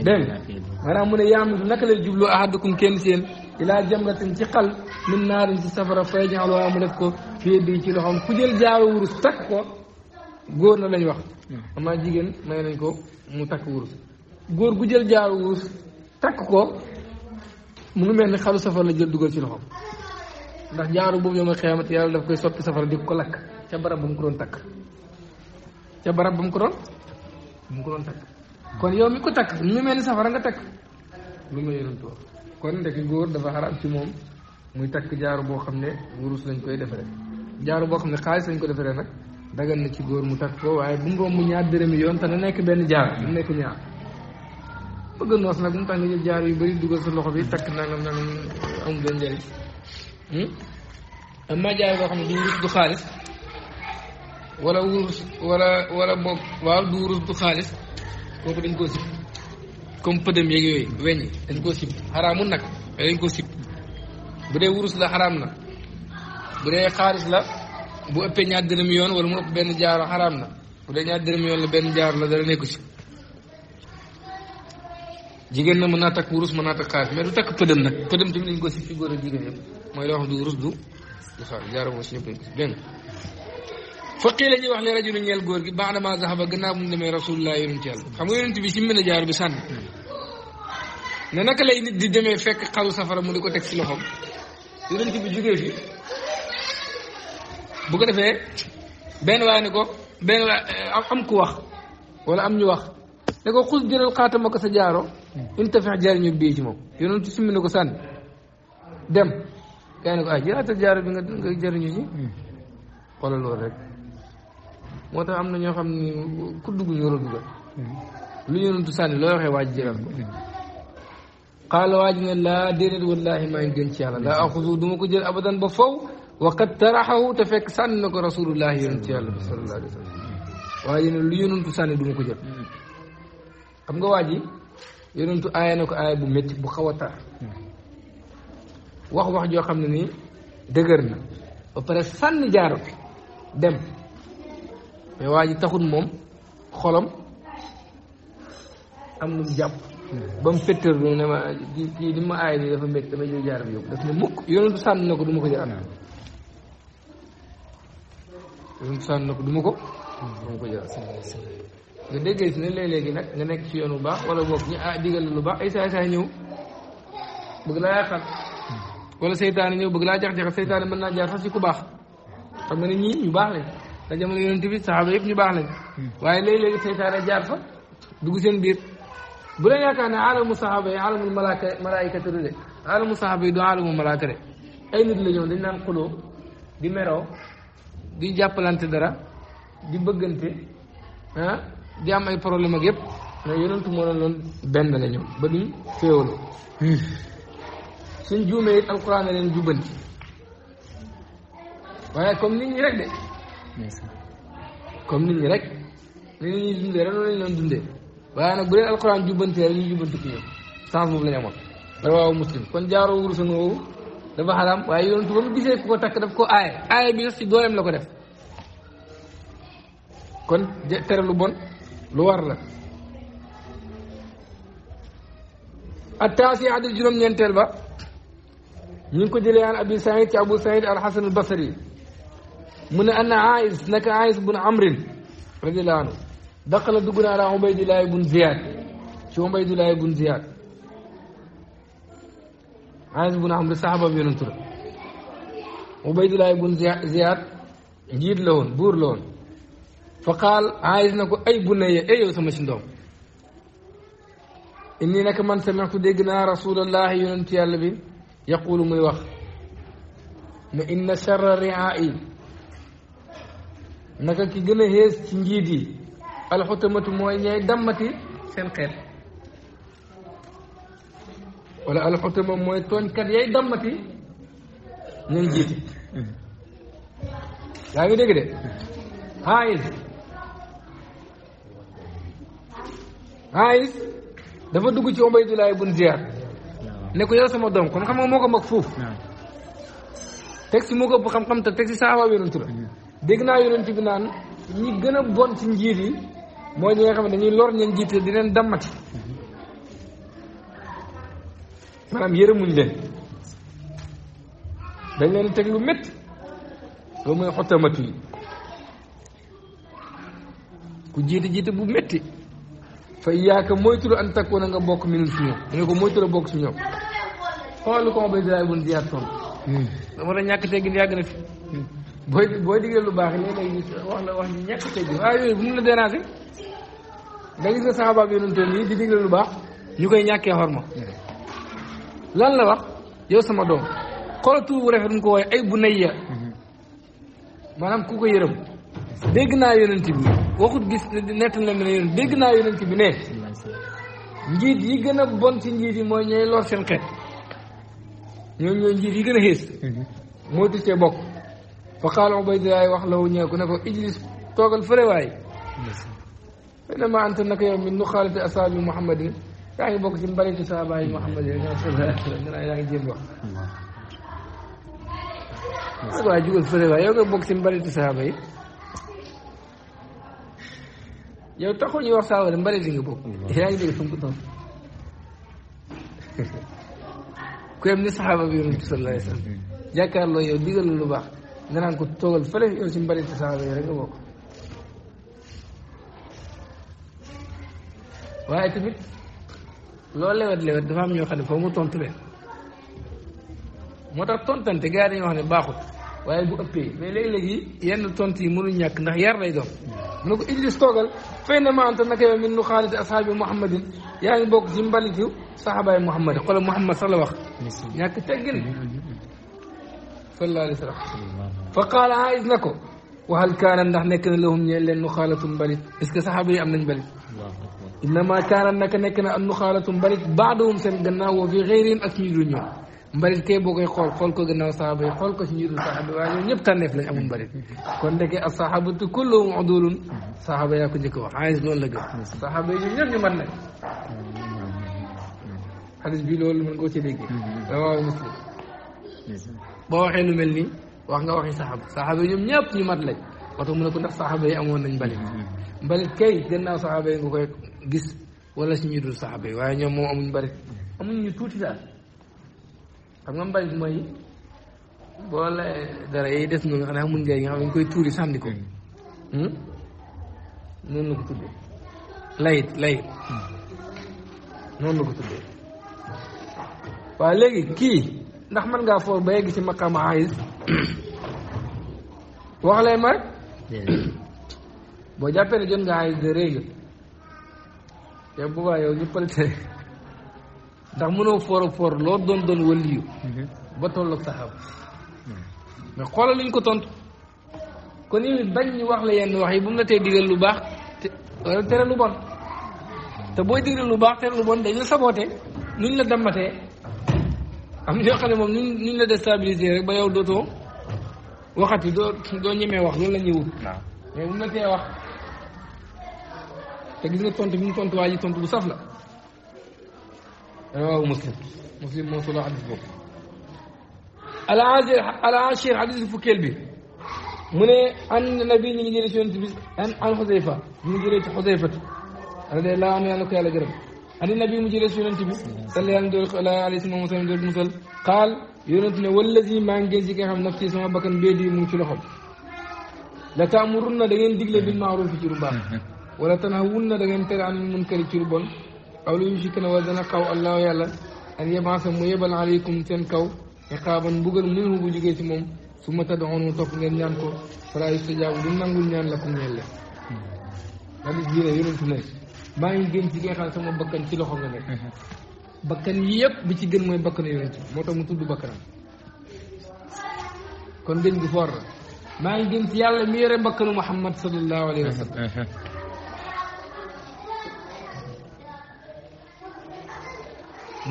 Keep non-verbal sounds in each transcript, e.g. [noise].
dégg nga mu ne yaam naka lay jubloo ahadukum kenn seen ilaa jamratin ci xal min naarin ci safara fay jaxalwaa mu nekk ko fii di ci loxoom ku jël jaaru wurus takk ko na lañ wax amaa jigéen may nañ ko mu takk wurus góor gu jël jaaru wurus ko mu ngi mel ni xalu safara la jël dugal ci loxoom ndax jaaru boobu yow nga xiyamati yàlla daf koy sotti safara di ko lakk ca barab ba mu ko doon takk ca barab ba ko doon mu ko doon takk kon yow mi ko takk nu li mel ni safara nga takk lu nga yonantu wax kon ndek góor dafa xaraam ci moom muy takk jaaru boo xam ne wurus lañ koy defaree jaaru boo ne xaalis lañ ko defaree nag dagal na ci góor mu takk ko waaye bu mu ñaar dërëmi yoon te nekk benn jaar mu nekk ñaar bëgg nag mu tax nga jël jaar yu bëri dugal sa loxo bi takk nangam nangam amul benn njëriñ hmm? am naa jaar boo xam ne du wurus du xaalis wala wurus wala wala waaw du wurus du xaalis kooku dañ ko sib comme pëdëm yeeg yooyu weñ dañ ko sib xaraamul nag mais dañ koo sib bu dee wurus la xaraam na bu dee xaalis la bu ëppee ñaar dërëm yoon wala mu ëpp benn jaaro xaraam na bu dee ñaar yoon la benn jaaro la dara nekku si jigéen na mën naa takk wurus mën naa takk xaalis mais du takk pëdëm nag pëdëm tamit dañ ko sib fi góor a jigéen yëpp mooy loo du wurus du jaaro moom si ñëpp dañ ko sib faqii la ñuy wax le rajul ñeel góor gi baax dama zahaba gannaaw mu demee rasulullah yonent yàlla xam nga yonent bi si mën a jaar bi sànni ne naka lay nit di demee fekk xaru safara mu di ko teg si loxoom yonent ko defee benn waay ko benn waay ku wax wala am ñu wax ne ko xus jëlal xaatama ko sa jaaro intafex jariñu bii ci moom yonent simmi ne ko sànni dem gaa yi ne ko ah jëlaatal jaaro bi nga jariñu ji hmm. xoolal loolu rek moo tax am na ñoo xam ni ku dugg ñu war a dugal lu yonent sànni looy waxee waa ji jëlal ko xaala hmm. waa ji ne laa déedéet wallaahi maa ngi gën ci yàlla laa axusu du ko jël abadan ba faw waqat taraxahu te fekk sànni na ko rasulullahi yonent yàlla bi sallallahu alayhi wa sallam waa ji ne lu yonent sànni du ko jël hmm. xam nga waa ji yonentu aaya na ko aaya bu métti bu xaw a tar hmm. wax wax joo xam ne nii dëgër na ba pare sànni jaaro bi dem mais waa ji taxut moom xolam am lu jàpp ba mu fetteer lu ne ma kii kii li ma aay nii dafa métti dama jël jaaram yóbbu daf ne mukk yonentu sànni na ko du ma ko jël na ko du ma ko du ko jël nga déggee si ne léeg-léegi nag nga nekk ci yoon bu baax wala boog ñu ah digal lu baax ay saay saay ñëw bëgg laa yàqal hmm. wala seytaane ñëw bëgg laa jax jaxal seytaane mën naa jaar sax si ku baax xam nga ne ñii ñu baax lañ te jamono yonent bi saxaaba yëpp ñu baax lañ hmm. waaye léegi-léegi seytaane jaar fa dugg seen biir bu leen yaakaar ne alamu saxaaba yi alamul malaaka malaayikatu de alamu saxaaba yi du alamu malaaka de ay nit la ñëw dañ naan xuloo di meroo di jàppalante dara di bëggante ah di am ay problème ak yëpp mais yonentu moo doon loon benn la ba duñ féewaloo suñ juumee it alquran na leen jubbanti waaye comme nit ñi rek de comme nit ñi rek li ñuy dundee rek noonu la ñu dundee waaye nag bu leen alxuraan jubbantee rek ñu jubbanti ko ñoom sens boobu la ñu amoon rawaawu muslim kon jaaroo wurusan woowu dafa xaraam waaye yonentu ba mu gisee ko takk daf ko aaye aaye bi sax si dooleem la ko def kon tere lu bon lu war la attaasi adil juróom-ñeenteel ba ñu ngi ko jëlee aan abi ci abu saïd alxasan albasri من أن عائز نك عائز بن عمرو رضي الله عنه دخل دقنا على عبيد الله بن زياد شو عبيد الله بن زياد عائز بن عمرو صحابة بينتر عبيد الله بن زياد جيد لون بور لون فقال عايز نكو اي بني اي أي سما شندوم اني نك من سمعت دغنا رسول الله ينتي الله بي يقول مي وخ ما ان شر رعائي naka ki gën a xees ci njiit yi alxutamatu mooy ñay dammati seen xeet wala alxutama mooy tooñkat yay dammati ñay jiite yaa ngi dégg de xaayis xaayis dafa dugg ci Ubaydullah bu Ziyaad ne ko yow sama doom kon xam nga moo ko mag foofu teg moo ko ëpp xam-xam te teg si saaba bi la dégg naa yonent bi naan ñi gën a bon ci njiit yi mooy ñi nga xam ne dañuy lor ñeen jiite di leen dammati maanaam yërëmuñ leen dañ leen teg lu métti loolu mooy xottamatu yi ku jiite jiite bu métti fa yaaka moytul an takkoon a nga bokk minum si ñoom ñu ko moytul bokk si ñoom xool ko ma bay daay bun diyaat toon hmm. dama la ñàkk teggin yàgg na fi hmm. booy booy digal lu baax léeg-léeg wax la wax ñu ñàkk tey jii bu mu la déranger nga gis nga saxaaba ak yi di digal lu baax ñu koy ñàkkee xorma lan la wax yow sama doom xoolal tur bu rafet mu ko woy ay bu nay ya maanaam ku ko yërëm dégg naa yonent bi waxut gis nett na mi ne dégg naa yonent bi ne njiit yi gën a bon ci njiit yi mooy ñooy lor seen xeet ñoom ñooy njiit yi gën a xées mm-hmm. moo tusee bokk fa qaala Ubaydullaah wax law ñëw ku ne ko ijlis toogal fële waay fële ma anta naka yow min nu xaalati asaabi Muhammadin yaa ngi bokk ci mbaritu saabaayi Muhammadin yaa ngi jéem wax waaw waaye jugal fële waay yow nga bokk ci mbaritu saaba yi yow taxul ñuy wax saaba de mbarit yi nga bokk yaa ngi dégg fu mu ko toog ku yem ni saxaaba bi yonent bi sallallahu alayhi wa sallam jàkkaarloo yow digal lu baax ده انا كنت فله يوسم بريت ساعه يرغبو waaye tamit loo lewet lewet dafa am ñoo xam ne foo mu tontu leen moo tax tontante gars dañoo wax ne baaxut waaye bu ëppee mais léegi-léegi yenn tont yi mënu ñàkk ndax yar lay doon mu ne ko Idris toogal fay na ma anta naka yow min nu xaalite ashaabi muhammadin yaa ngi bokk ci mbalitu sahabaay muhammad xoolal muhammad sax la wax ñàkk teggin sallallahu alayhi wa sallam فقال ها آه، اذنكم وهل كان نحن نكن لهم يل النخاله بلد اسك صحابي ام من انما كان نك نكن النخاله بلد بعضهم سن غناو وفي غيرهم اكيد نيو مبارك كي بوكاي خول خول كو غناو صحابي خول كو سنيو صحابي واني نيب تانيف لا ام مبارك كون دكي الصحابه كلهم عدول صحابه ياكو نيك واخ عايز لون لا غير صحابه ني نيب ني مان نك حديث بي لول من كو تي مسلم نعم. بو خينو wax nga waxi saxaaba saxaaba yi ñoom ñëpp ñu mat lañ moo tax mu ne ko ndax saxaaba yi amoon nañ mbalit mbalit kay gannaaw saxaaba yi nga koy gis wala si ñu dul saxaaba yi waaye ñoom moom amuñ mbalit amuñ ñu tuuti daal xam nga mbalit mooy boo dara yi des noonu xanaa amuñ ngay nga xam dañ koy tuuri sànni ko hmm? noonu la ko tuddee layit layit noonu la ko tuddee waaw léegi kii ndax mën ngaa foor ba yegg ci maqaama ayis wax leen ma [coughs] boo jàppee ne jot nga xaalis de règle yow bu yow ñu pëltere ndax mënoo foor a foor loo doon doon waliyu mhm. ba tolloog saxaab mais xoolal luñ ko tontu kon yow it bañ ñu wax la yenn wax yi bu mu la tey digal lu baax te tere lu bon te booy digal lu baax tere lu bon dañu la saboote nuñ la dammatee am ñoo xam ne moom nuñ nuñ la déstabiliser rek ba yow dootoo waxati do ñëmé wax loolu la ñi wut mais bu ma té wax té gis nga tontu bi tontu waaji tontu bu saf la rawu muslim muslim mo solo hadith bu العاشر العاشر حديث فكيل بي من إيه؟ ان النبي ني جيري سنت بي ان ان حذيفه ني جيري حذيفه رضي الله عنه قال يلا جرب ان النبي مجيري سنت بي صلى الله عليه وسلم قال yonent ne wallazi maa ngi gën si nga xam nafsi sama bakkan bee di mu ngi ci loxo bi la taamurunna da ngeen digle bil maaruf ci lu baax wala tanhawunna da ngeen tere anil munkari ci lu bon aw lu yusiku na wala dana xaw allah yàlla an yebaasa mu yebal aleykum seen kaw iqaaban mbugal minhu bu jugee ci moom su ma tad'uun mu topp ngeen ñaan ko fala yustajaabu du nangul ñaan la ko ngeen le hadis bii ne yonent ne maa ngi gën si nga xam sama bakkan ci loxo nga nekk bakkan yépp bi ci gën mooy bakkan yonent moo tax mu tudd bakkanam kon gën gi for ngi gën ci mi muhammad sallallahu alaihi wasallam. Uh-huh.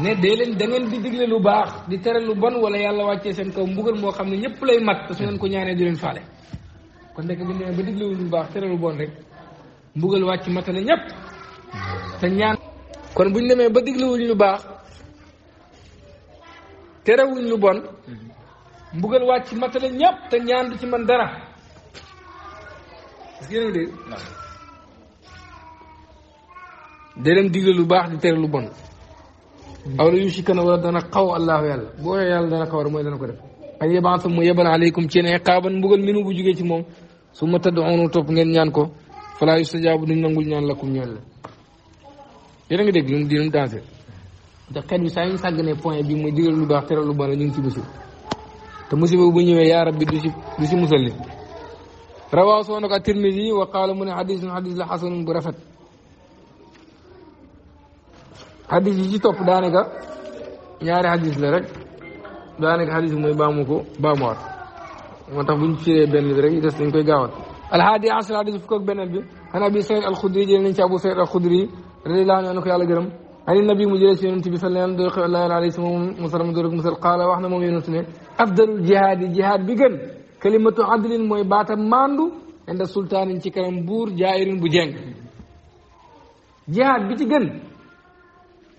ne dee leen da ngeen di digle lu baax di tere lu bon wala yàlla wàccee seen kaw mbugal moo xam ne lay mat su ngeen ko leen kon ne ba digle lu baax tere lu bon rek mbugal matale te ñaan kon bu ñu demee ba digluwuñ lu baax terewuñ lu bon mbugal wàcc matale ñëpp te ñaan du ci man dara parce que yéen lu baax di tere lu bon aw la yusikana a dana xaw allahu yàlla boo waxee yàlla dana xaw rek mooy dana ko def ak yebansa mu yebal aleykum ci ne xaaban mbugal minu bu jugee ci moom su ma tëdd onu topp ngeen ñaan ko falaa yustajaabu duñ nangul ñaan lakum ñaan la yéen a ngi dégg ñun di ñun dansé ndax xel bi saa yu ñu sàgganee point bi mooy di lu baax teral lu bon ñu ngi ci musiba te musiba bu ñëwee yaa rabbi du si du si musal li rawaa soo nag at-Tirmisi wa qaala mu ne xadis xadis la xasanun bu rafet xadis yi ci topp daanaka ñaari xadis la rek daanaka xadis mooy baamu ko baamuwaat moo tax bu ñu firee benn bi rek yi des dañ koy gaawat alhaadi a xadis fukk ak beneen bi xanaa bi Saïd al jël nañ ci Abu Saïd al radiyallahu anhu na ko yàlla gërëm ani nabi mu jëlee si yonent bi sallallahu alayhi wa sallam alayhi moom musal ma dorog musal qaala wax na moom yonent ne afdalul jihaad yi jihaad bi gën kalimatu adlin mooy baata mandu inda sultaanin ci kanam buur jaayirin bu jeng jihaad bi ci gën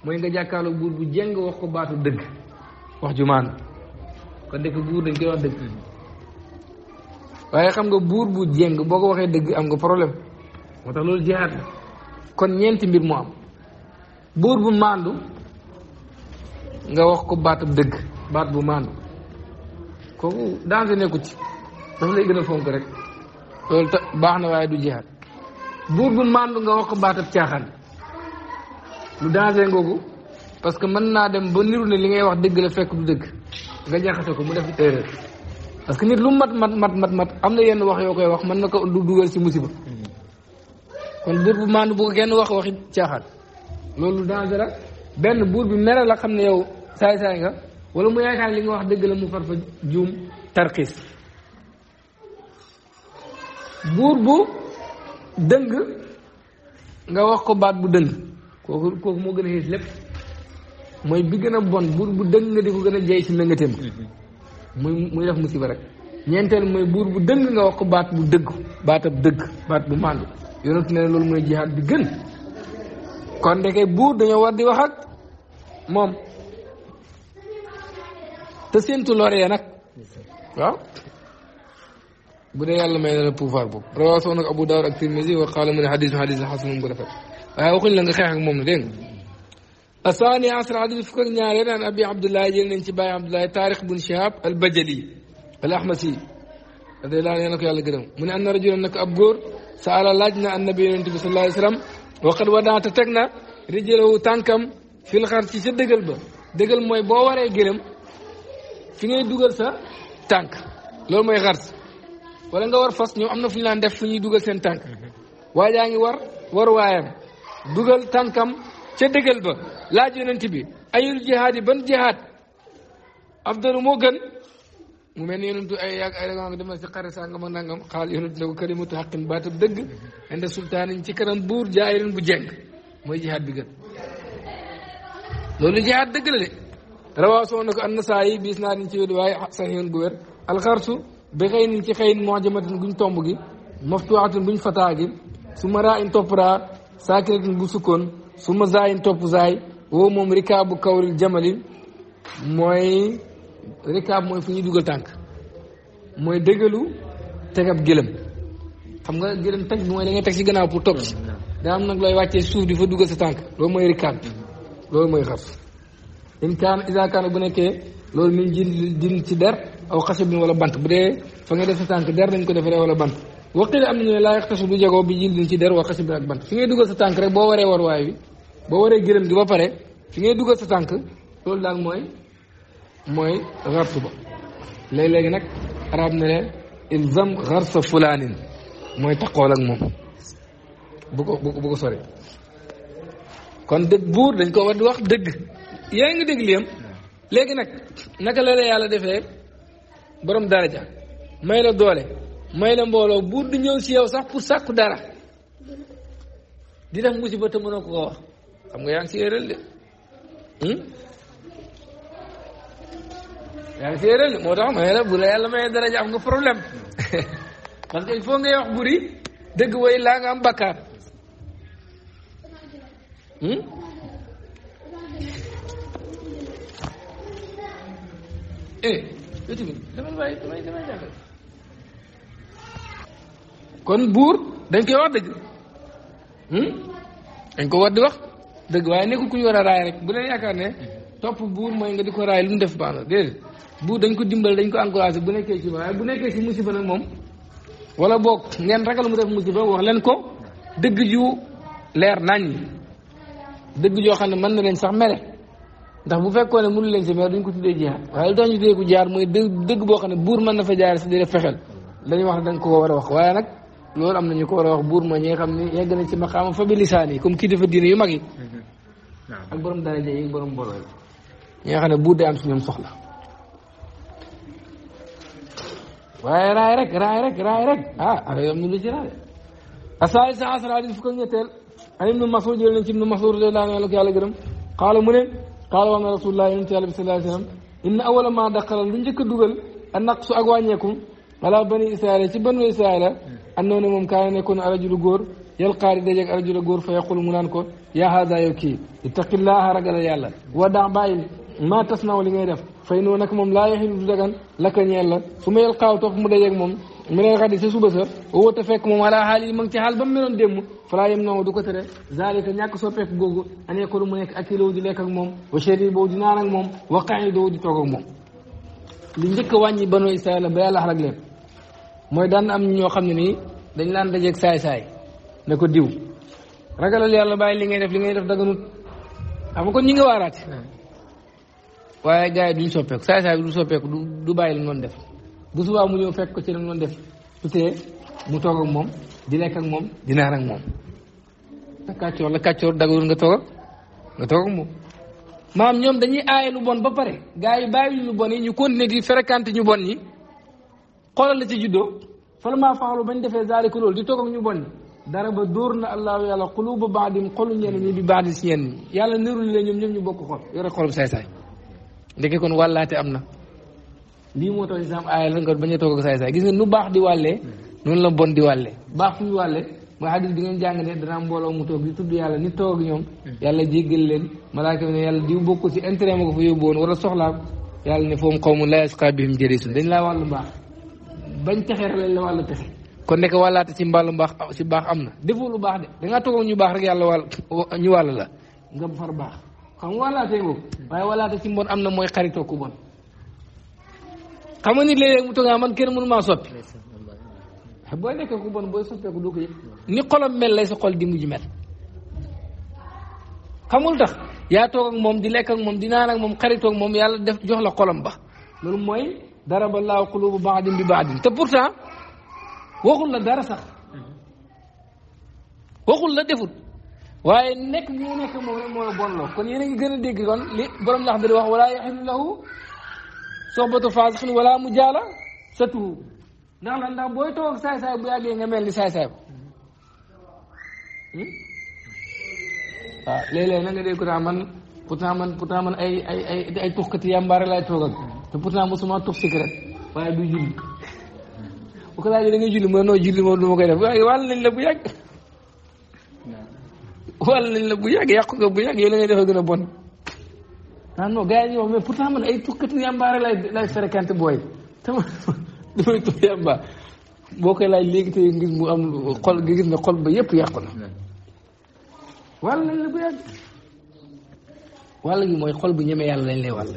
mooy nga jàkkaarloo buur bu jeng wax ko baatu dëgg wax ju maandu kon dëkk buur dañ koy wax dëgg waaye xam nga buur bu jeng boo ko waxee dëgg am nga problème moo tax loolu jihaad la kon ñeenti mbir mu am buur bu màndu nga wax ko baat bu dëgg baat bu màndu kooku danger nekku ci dafa lay gën a fonk rek loolu ta baax na waaye du jihaat buur bu màndu nga wax ko baat ab caaxaan lu danger ngoogu parce que mën naa dem ba niru ne li ngay wax dëgg la fekk du dëgg nga jaxase ko mu def erreur parce que nit lu mat mat mat mat mat am na yenn wax yoo koy wax mën na ko du dugal si musiba kon buur bu maandu bu ko kenn wax waxi caaxaan loolu danger la benn buur bi mere la xam ne yow saay-saay nga wala mu yaakaar li nga wax dëgg la mu far fa juum tarxiis buur bu dëng nga wax ko baat bu dëng kooku kooku moo gën a xiis lépp mooy bi gën a bon buur bu dëng nga di ko gën a jey si méngatéem muy muy def musiba rek ñeenteel mooy buur bu dëng nga wax ko baat bu dëgg baatab dëgg baat bu màndu yonent ne loolu mooy jihaad bi gën kon ndeke buur dañoo war di wax ak moom te séntu lore ya nag waaw bu dee yàlla may na la pouvoir boobu rawaasoo nag Abu Daawud ak Tirmisi wa qaala mu ne xadiisu xadiisu xasan bu rafet waaye waxuñ la nga xeex ak moom ne dégg nga الثاني عشر عدد فكر نارين عن أبي عبد الله جلنا انتباه عبد الله تاريخ بن شهاب البجلي الأحمسي radiyallaahu anhu yal gërëm mu ne am na rajulan nag ab góor sa ala laaj na annabi yonent bi sallallaahu alayhi wa sallam waqat wadaata teg na rijlawu tànkam fil xar ci sa dëgal ba dëgal mooy boo waree gërëm fi ngay dugal sa tànk loolu mooy xar wala nga war fas ñoom am na fu ñu laan def fu ñuy dugal seen tànk waaye yaa ngi war war waayam dugal tànkam ca dëgal ba laaj yonent bi ayul jihaad yi ban jihaad afdalu moo gën mu mel ni yonentu ay yàgg ay rajo demal si xare sàngam ak nangam xaal yonentu ne ko kalimatu xaqin baatab dëgg inda sultaanin kanam buur jaayirin bu jeng mooy jihaad bi gën loolu jihaad dëgg la de rawaa na ko an na saa yi biis naa din ci wér waaye saxiin bu wér alxarsu bi xëy nin ci xëy mojamatin guñ tomb gi maftuwaatin buñ fataa gi su ma raa in topp raa saakinatin bu sukkoon su ma zaayin topp zaay woo moom rikaa bu kawril jamali mooy rikaab mooy fu ñuy dugal tànk mooy dëggalu tegab gëlëm xam nga gëlëm teg bi mooy da ngay teg ci gannaaw pour toog ci daa am nag looy wàccee suuf di fa dugal sa tànk loolu mooy rikaab bi loolu mooy xas in kaan isa kaana bu nekkee loolu min jin jin ci der aw xase wala bant bu dee nga def sa tànk der dañ ko defaree wala bant waqila am nañu ne laa yaxtasu du jagoo bi jin din ci der bant fi ngay dugal sa tànk boo waree war waay wi waree gëlëm gi ba pare fi ngay dugal sa tànk loolu daal mooy mooy xartu ba léeg-léegi nag arab ne leen ilzam xarsa fulaanin mooy taqool ak moom bu ko bu ko sori kon dëgg buur dañ ko war di wax dëgg yaa ngi dëgg li am léegi nag naka la la yàlla defee borom daraja may la doole may la mbooloo buur du ñëw si yow sax pour sàkku dara di def musiba te mënoo ko ko wax xam nga yaa ngi si réel de hmm? yaa moo tax ma la bu la yàlla mayee daraja am nga problème [laughs] parce que il faut wax buri dëgg way laa nga am bakkaar hmm? eh, kon buur dañ koy wax dëgg hmm? dañ ko war di wax dëgg waaye nekkul ku ñu war a raay rek bu leen yaakaar ne topp buur mooy nga di ko raay lu mu def baax na bu dañ ko dimbal dañ ko encouragé bu nekkee ci waaye bu nekkee ci musiba nag moom wala boog ngeen ragal mu def musiba wax leen ko dëgg ju leer nañ dëgg joo xam ne mën na leen sax mere ndax bu fekkoon ne mënu leen si mere duñ ko tuddee jihaar waaye lu tax ñu tuddee ko jaar mooy dëgg dëgg boo xam ne buur mën na fa jaar si di fexel dañuy wax dañ ko war a wax waaye nag loolu am nañu ko war a wax buur ma ñi nga xam ne yegg nañ ci maqaama fa bi lisaan yi comme kii dafa diine yu mag yi mhm. ak borom daraja yi borom bolo yi ñi xam ne buur day am si ñoom soxla waaye raay rek raay rek raay rek ah affaire am na lu ci raay asaali sa asra hadis fukk ak ñetteel an ibnu masud jël nañ ci ibnu masud radiyallahu anhu ko yàlla gërëm qaala mu ne qaala wax na rasulullah yonent yàlla bi sallallahu alayhi wa sallam inna awala ma daqala lu njëkk a dugal a naqsu ak wàññeeku ala bani israila ci banu israila annoo ne moom kaana nekkoon arajulu góor yalqaa di dajeeg arajula góor fa yaqul mu naan ko yaa haada yow kii ittaqillaha ragal yàlla wa daa bàyyil maa tasnaw li ngay def fay noo nag moom laa yaxin du dagan lakka ñeel la su ma yel xaaw topp mu dajeeg moom mi nel sa suba sa woo te fekk moom ala xaal yi ma ngi ci xaal ba mu meloon démb falaa yem noow du ko tere a ñàkk soppeeku googu anee ko du mu nekk akiloo di lekk ak moom wa chéri boobu di naan ak moom wa qaani doowu di toog moom li njëkk wàññi banu israila ba yàlla xarak leen mooy daan am ñoo xam ne nii dañ laan dajeeg saay-saay ne ko diw ragalal yàlla bàyyi li ngay def li ngay def daganut am nga kon ñu nga waaraate waaye gars yi duñ soppeeku saay saay bi du soppeeku du du bàyyi la noonu def bu subaa mu ñëw fekk ko ci la noonu def su tee mu toog ak moom di lekk moom di naan moom te kàccoor la kàccoor dagalul nga toog nga toog ak moom maam ñoom dañuy aaye lu bon ba pare gaa yi bàyyi lu bon yi ñu continuer di fréquenter ñu bon ñi xoolal la ci juddoo falammaa fa'alu ñu defee zaalika loolu di toog ak ñu bon ñi dara ba dóor na allahu yàlla xuluba baadim xolu ñenn ñi bi baax di si yàlla nërul ñoom ñoom ñu bokk xol yore xolum saay-saay ndeke kon wàllaate am na lii moo tax islam aaya la nga bañ a toog ak saay saay gis nga baax di wàllee noonu la bon di wàlle baax fu ñu wàlle mooy jàng ne dana mbooloo mu toog di tudd yàlla ni toog ak ñoom yàlla jéggal leen malaaka bi ne yàlla diw bokku ci intérêt ma ko fa wala soxlaam yàlla ne foom xaw mu laa yasqa bihim jalisun dañ laa wàllu mbaax bañ texe rek la wàllu texe kon nekk wàllaate ci mbaalu mbaax ci baax am na defoo lu baax de dangaa toog ñu baax rek yàlla wàll ñu wàll la nga far baax xam nga walaatee boobu waaye walaate ci mbon am na mooy xaritoo ku bon xam nga nit léeg-léeg mu toogaa man kenn mënu soppi booy nekk ku bon booy soppeeku doo ko yëg ni xolam mel lay sa xol di mujj mel xamul tax yaa toog moom di lekk moom di naan moom xaritoo ak moom yàlla def jox la xolam ba loolu mooy daraba laahu quluuba ba'din bi ba'din te pourtant waxul la dara sax waxul la defut waaye nek gi nga nekk moom rek moo la bon loo kon yéen a ngi gën a dégg kon li borom lax bi wax wala yaxilu lahu soxbatu faasixin wala mu jaala sa turu ndax lan ndax booy toog saay saay bu yàggee nga mel ni saay saay ba waaw hmm? ah, léeg-léeg na nga dégg naa man pourtant man pourtant man ay ay ay ay tuxkati yàmbaare laay toogal te pourtant mosuma tux cigarette waaye du julli ko laajee da julli ma noo julli moom du koy def waaye wàll la bu yàgg wala lañ la bu yàgg yàqu nga bu yàgg yow la ngay defee gën a bon ah non gars yi ñu wax mais pourtant man ay tukkati yàmbaare lay lay fréquenté booy tama [laughs] damay tukk boo koy laaj léegi tey ngir mu am xol nga xol ba yëpp yàqu na wàll lañ mooy xol bu ñemee yàlla lañ lay wàll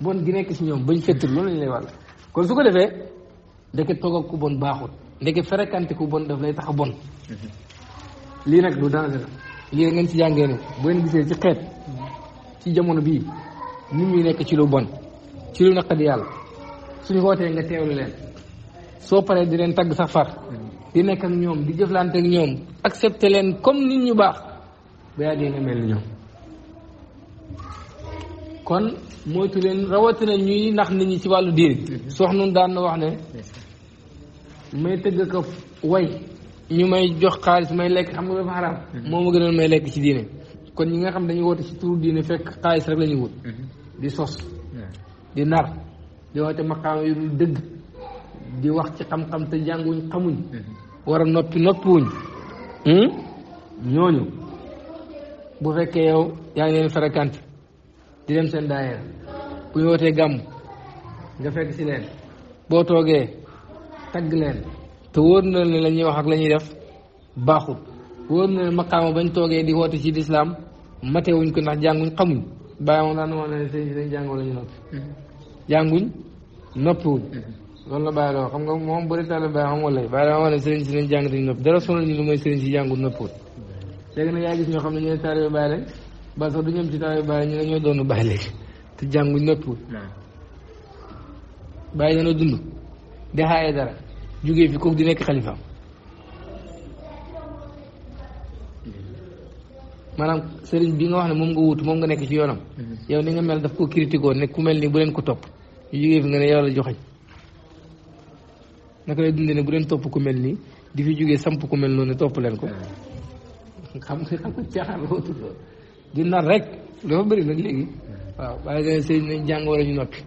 bon gi nekk si ñoom bañ fettir loolu lañ lay wàll kon su ko defee ndeke toog ak ku bon baaxut ndeke fréquenté ku bon daf lay tax a bon lii nag du danger la lii ngeen ci jàngee ne bu ngeen gisee ci xeet ci jamono bii nit ñi nekk ci lu bon ci lu naqadi yàlla suñu wootee nga teewlu leen soo paree di leen tagg sax far di nekk ak ñoom di jëflante ak ñoom accepté leen comme nit ñu baax ba yaa dee nga mel ni ñoom kon moytu leen rawatina ñuy nax nit ñi ci wàllu diir mm-hmm. soxna daan wax ne may tëgg ko way ñu may jox xaalis may lekk xam nga dafa xaraam mhm. moo ma gënal may lekk ci diine kon ñi nga xam dañu woote ci turu diine fekk xaalis rek la ñuy wut mhm. di sos di nar di yu dul dëgg wax ci xam-xam te jànguñ xamuñ mhm. war a noppi noppiwuñ hmm? ñooñu bu fekkee yow yaa ngi leen fréquente di dem seen daayira bu ñu wootee gàmm nga fekk si leen boo toogee tagg leen te wóor na ne la ñuy wax ak lañuy def baaxut wóor na ne maqaama bañ toogee di woote ci lislaam wuñ ko ndax jànguñ xamuñ bàyyi moom daan na ñu noppi mm-hmm. jànguñ noppiwuñ mm-hmm. loolu la bàyyi moom bëri taal la bàyyi xam wala bàyyi daa wax ne sëriñ si dañ jàng mm-hmm. léegi nag yaa gis ñoo xam ne ñooy taalibe ba sax du ñoom ci taalibe bàyyi ñu doon bàyyi léegi te jànguñ noppiwut bàyyi dana dund dexaaye dara jógee fi kooku di nekk xalifaam maanaam sëriñ bi nga wax ne moom nga wut moom nga nekk ci yoonam mm-hmm. yow ni nga mel daf ko critiqué ne ku mel nii bu leen ko topp ñu jógee fi nga ne yow la joxañ naka lay dundee bu leen topp ku mel nii di fi samp ku mel noonu ne topp leen ko mm-hmm. xam nga rek dafa bëri nag léegi mm-hmm. waaw waaye nga sëriñ nañ jàng wala ñu noppi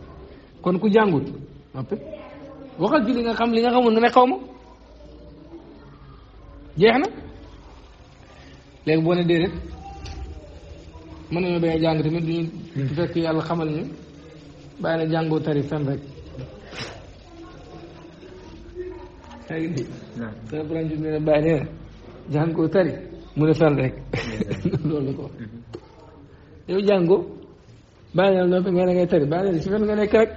kon ku jàngut noppi waxal ci li nga xam li nga xamul ne xaw jeex na léegi boo ne déedéet mën nañu bañ jàng tamit duñu fekk yàlla xamal ñu bàyyi na jàngoo tari fen rek yaa ngi dégg sa branche ne bàyyi na jàngoo tari mu ne fen rek [laughs] loolu ko yow jàngoo bàyyi na nga ne ngay tari bàyyi na fen nga nekk rek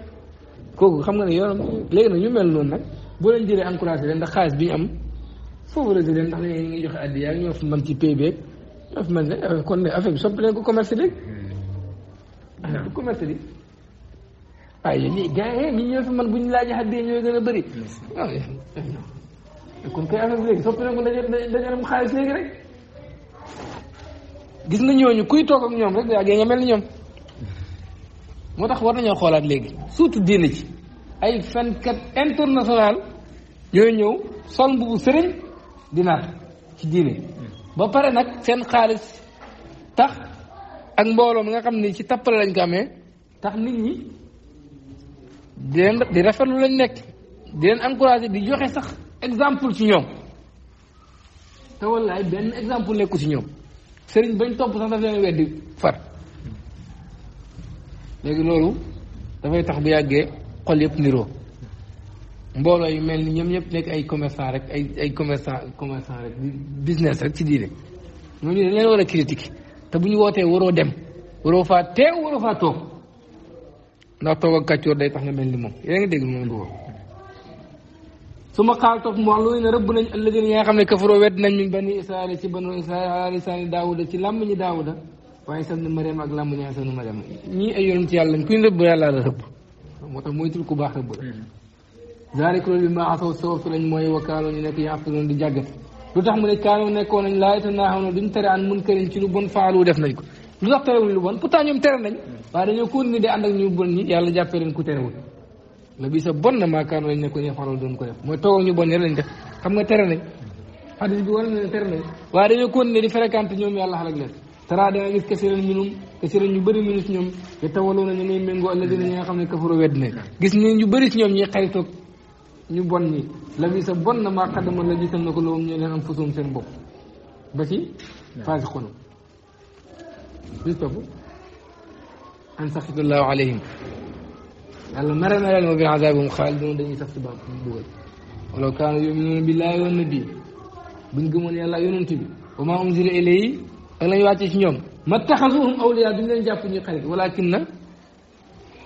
kooku xam nga ne yoonam léegi nag ñu mel noonu nag boo leen jëlee encouragé leen ndax xaalis bi ñu am favoriser leen ndax dañu ngi joxe addiya ñoo fi mën ci pay fi mën euh, kon ne affaire bi soppi leen ko commerce bi hmm. affaire hmm. bi commerce bi waaye yéen bu ñu laajee addiya ñooy gën a bëri waaw hmm. ah, eh, kon kay affaire bi léegi soppi leen ko daje daje am xaalis léegi rek gis nga ñooñu kuy toog ak ñoom rek yaa ngi mel ni ñoom moo tax war nañoo xoolaat léegi surtout diine ci ay fenkat international ñooy ñëw sol mbubu sëriñ dinaat ci diine ba pare nag seen xaalis tax ak mbooloo mi nga xam ni ci tappale lañ ko amee tax nit ñi di di rafetlu lañ nekk di leen encouragé di joxe sax exemple ci ñoom te wallaay benn exemple nekku ci ñoom sëriñ bañ topp sax daf leen far léegi loolu dafay tax bu yàggee xol yëpp niroo mbooloo yu mel ni ñoom ñëpp nekk ay commerçant rek ay ay commerçant commerçant rek business rek ci diine ñoo ñu dañ leen te bu ñu wootee waroo dem waroo faa teew waroo faa toog ndax toog ak kàccoor day tax nga mel ni moom yaa ngi dégg moom du wóor su ma xaal toog mu wax loolu ne rëbb nañ ëllëgën yi nga xam ne kafaroo wedd nañ min israel ci banu israel ala lisaani daawuda ci làmm ñi daawuda waaye sam na Mariam ak làmb ñaa sam na Mariam ñii ay yoon ci yàlla lañ kuñ rëbb yàlla la rëbb moo tax moytul ku baax rëbb la hmm. zaari kuréel bi maa xasaw sawabtu lañ mooy wakaaloo ñu nekk yàq doon di jàggat lu tax mu ne kaanoo nekkoon nañ laayta naaxaw na duñ tere an mun këriñ ci lu bon faalu def nañ ko lu tax terewul lu bon pourtant ñoom hmm. di ànd ak bon ñi yàlla jàppee leen ku terewul la bi sa bon na maa kaanoo lañ nekkoon yafaral doon ko def mooy toog ñu bon ñi lañ def xam nga tere nañ hmm. xadis bi war na tere nañ waaye dañoo continuer di fréquenté ñoom yàlla xalak leen tara dana gis kasiran minum kasiran ñu bëri minus ñoom ya tawaloo na ñu ngay méngoo alladina ñi nga xam ne kafaru wedd ne gis ne ñu bëri si ñoom ñi xaritoog ñu bon ni la bi sa bon na maa xaddama la gisal na ko loolu ñu leen am fusum seen bopp ba ci faasi xonu bis topp an saxitullahu alayhim yàlla mere na leen wa bi azabum xaalidun dañuy sax ci baax bugal walaw kaanu yuminuuna billahi wa nabi buñ gëmoon yàlla yonent bi wa maa unzila ilayhi ak lañ wàccee ci ñoom ma taxasuhum awliya duñ leen jàpp ñuy xarit walakin na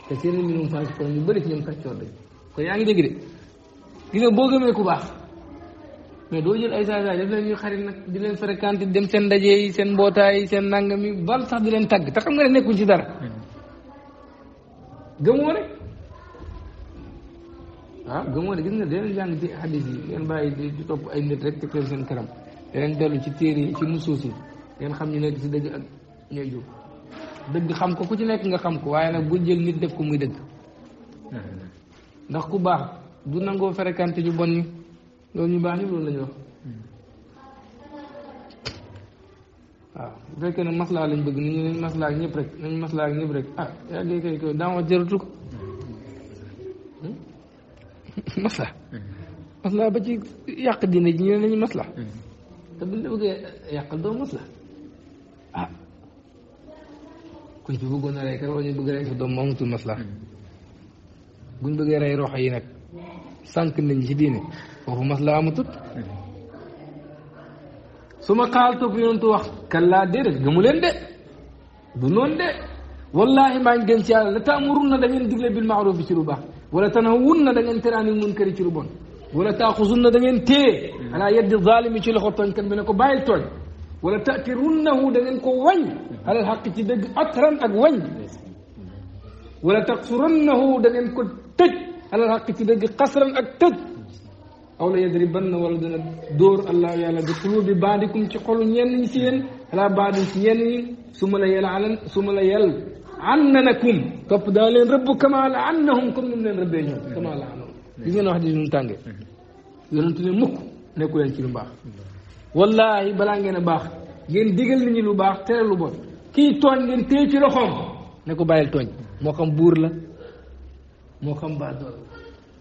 te seen minum fasikon ñu ci ñoom kàccoor dañ kon yaa ngi dégg de gis boo gëmee ku baax mais doo jël ay saa saay def leen ñuy xarit nag di leen fréquenté dem seen ndaje yi seen mbootaay seen nangam yi bal sax di leen tàgg te xam nga ne nekkuñ ci dara gëmoo rek waaw ah, gëmoo ne gis nga dinañ jàng ci hadis yi ngeen bàyyi di topp ay nit rek te kër seen kanam dinañ dellu ci téere yi ci nusuus yi ngeen xam ñu nekk si dëgg ak ñooy jub dëgg xam ko ku ci nekk nga xam ko waaye nag bu jël nit def ko muy dëgg ndax ku baax du nangoo fréquente ñu bon ñi loolu ñu baax ñu loolu la ñu wax waaw bu fekkee ne maslaa lañ bëgg ni ñu ak ñëpp rek nañ maslaa ak ñëpp rek ah yàggee kay koy daan wax jaratu ko hmm? [laughs] masla masla ba ci yàq dina ñu ne nañu masla hmm. te buñ la bëggee yàqal doo masla ku ci bëggoon a rey ka wala ñu bëgg rey sa doom moo amatul maslax hmm. buñ bëggee rey rox yi nag sànq nit ñi ci diine foofu maslax amatut hmm. su ma xaal topp tu wax kallaa déedéet gëmu leen de du noonu de wallahi maa ngi gën ci yàlla la taamurun na da ngeen digle bil maaruf bi ci lu baax wala tanawun na da ngeen teraani munkari ci lu bon wala taaxusun na da ngeen téye hmm. alaa yeddi zalimi ci loxo tooñ kan bi ne ko bàyyil tooñ ولا تأكرنه دين كوين هل الحق تدق أترا أقوين ولا تقصرنه دين كتج هل الحق تدق قصرا أكتج أو لا يدربن ولدنا دور الله يالا بكلو ببعدكم تقولوا ينين سين هلا بعد سين ثم لا يل علن ثم لا يل عننكم كف دالين رب كما لعنهم كم من ربنا كما لعنهم يجون واحد يجون تانجي يجون تلمك نكو ينكلم بعض wallaahi balaa ngeen a baax ngeen digal nit lu baax tere lu bon kii tooñ ngeen téye ci loxoom ne ko bàyyil tooñ moo xam buur la moo xam baadool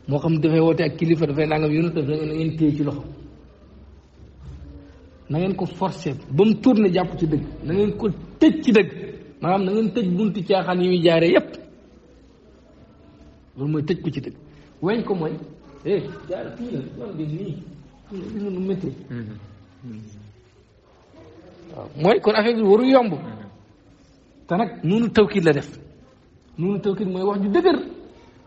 moo xam dafay woote ak kilifa dafay nangam yónni daf na ngeen téye ci loxoom na ngeen ko forcer ba mu tourné jàpp ci dëgg nangeen ko tëj ci dëgg maanaam na ngeen tëj bunt caaxaan yi muy jaare yépp loolu mooy tëj ko ci dëgg weñ ko mooy eh, waaw mooy kon affaire bi waru yomb te nag nuunu tawkit la def nuunu tawkit mooy wax ju dëgër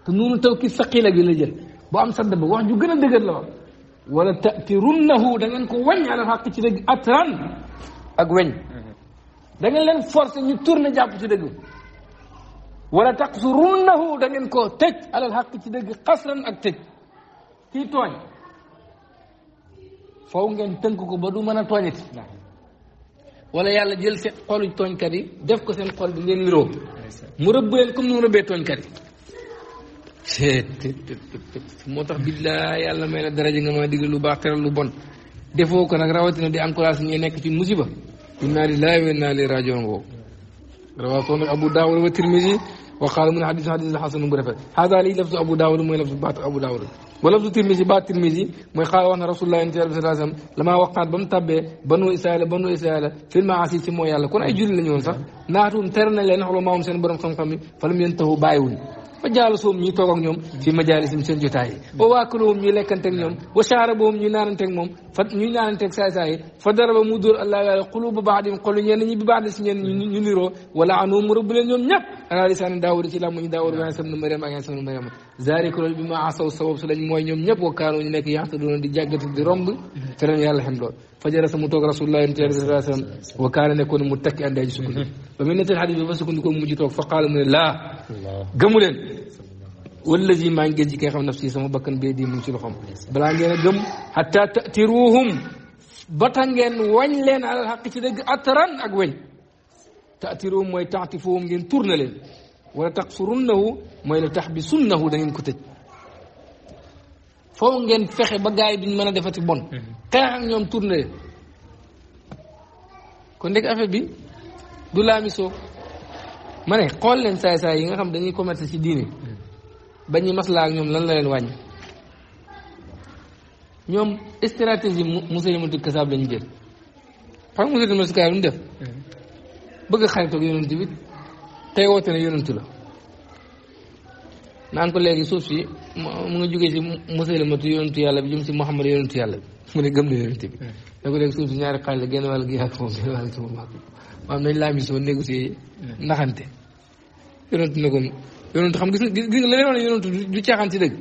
te nuunu tawkit saqila gi la jël bu am sadda ba wax ju gën a dëgër la wax wala tatirunnahu da ngeen ko weñ ala xàq ci dëgg atran ak weñ da ngeen leen forcé ñu tourné jàpp ci dëgg wala taqsurunnahu da ngeen ko tëj alal xàq ci dëgg xasran ak tëj kii tooñ faw ngeen tënk ko ba du mën a tooñati wala yàlla jël seen xolu tooñkat yi def ko seen xol bi ngeen niroo mu rëbb leen comme ni mu rëbbee tooñkat moo tax billaa yàlla may la daraja nga mën a lu baax teral lu bon defoo ko nag rawatina di encourage ñi nekk ci musiba inna lillahi wa inna ilayhi rajiun nga ko rawaatoon وقال من حديث حديث الحسن بن رفعت هذا لي لفظ ابو داود مو لفظ بات ابو داود ولفظ تلميذي بات تلميذي مو قال وانا رسول الله انت رسول الله لما وقعت بم تبع بنو اسرائيل بنو اسرائيل في المعاصي تمو يالا كون اي جول لا نيون صح ناتون ترنا لين علماء سن بروم خم خم فلم ينتهوا بايون fa jaalusahum ñuy toog ñoom fi majaalisim seen jotaay wa waakiluhum ñuy lekkante ak ñoom wa shaarabuhum ñuy naanante moom fa ñuy naanante ak fa daraba mu dóor allah yàlla xulubu baadim xolu ñenn ñi bi baax si ñenn ñu wala anuum mu rëbb leen ñoom ñëpp ala lisaani daawuda ci làmmuñu daawuda wa Iisaa ibnu Maryam ak Iisaa ibnu Maryam zaalika loolu bi ma asaw sabab su lañ mooy ñoom ñëpp wa kaanoo ñu nekk yaxta doon di jàggati فجلس متوك رسول الله صلى الله عليه وسلم وكان يكون متكئا عند سكون فمن نتي الحديث كنت يكون مجي فقال من الله غمولن والذي ما نجي كي خم نفسي سمو بكن بيدي من سي لخم بلا نغينا غم حتى تأتروهم باتانген وين لين على الحق تدق deug أقوين تأتروهم ويتعطفوهم تأتيروهم موي تعطفوهم ngeen tourner len wala taqsurunnahu moy la foo ngeen fexe ba gars yi duñ mën a defati bon xeex mhm. ak ñoom tourné kon ndek affaire bi du laamisoo ma ne xool leen saay-saay yi nga xam dañuy commerce ci diine mhm. ba ñuy maslaa ak ñoom lan la leen wàññ ñoom stratégie Musaylimatul Kazaab lañu jël xam nga Musaylimatul Kazaab lu ñu def mhm. bëgg xaritoo ak yonent tey woote ne yonent la naan ko léegi suuf si mu nga jógee si musalimatu yonentu yàlla bi jëm si Muhammad yonentu yàlla bi mu ne gëm na yonente bi hmm. da ko léegi suuf si ñaari xaaj la genn wàll gi yàgg moom genn wàll gi moom maanaam nañ laa mission négocier hmm. ndaxante yonentu na ko yonentu xam gis gis nga leneen wala yonentu du caaxaan ci dëgg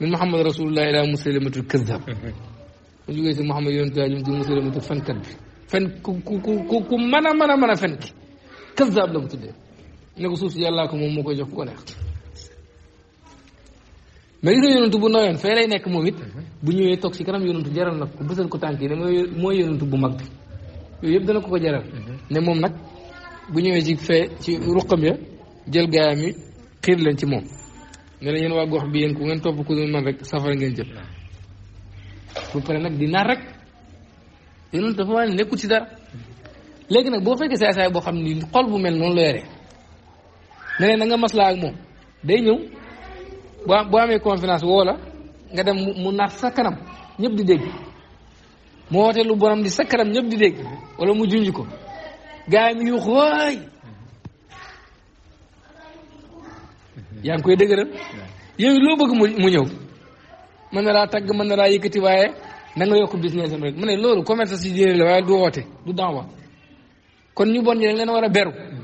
min Muhammad rasulullah ila musalimatul kazzab hmm. mu jógee si Muhammad yonentu yàlla jëm si musalimatul fenkat bi fen ku ku ku ku mën a mën a mën a fen ki kazzab la ko tuddee ne ko suuf si yàllaa ko moom moo koy jox ku ko neex mais gis nga yonantu bu noyoon fay lay nekk moom it bu ñëwee toog si kanam yonantu jaral na ko bësal ko tànk yi ne mooy mooy yonantu bu mag bi yooyu yëpp dana ko ko jaral ne moom nag bu ñëwee ci fee ci ruqam ya jël gaayam yi xiir leen ci moom ne la yéen waa gox bi yéen ku ngeen topp ku dul man rek safara ngeen jël bu pare nag di nar rek yonantu dafa waa ne ci dara léegi nag boo fekkee saay saay boo xam ni xol bu mel noonu la yore ne leen da nga maslaa ak moom day ñëw boo boo amee confiance woo la nga dem mu naax sa kanam ñëpp di dégg moo woote lu bonam di sa kanam ñëpp di dégg wala mu junj ko gars yi ñu xooy yaa ngi koy dëgëral yooyu loo bëgg mu ñëw mën na laa tagg mun na laa yëkkati waaye na nga yokk business am rek mu ne loolu commerce si jëlee la waaye du woote du daawa kon ñu bon yi dañ leen war a beru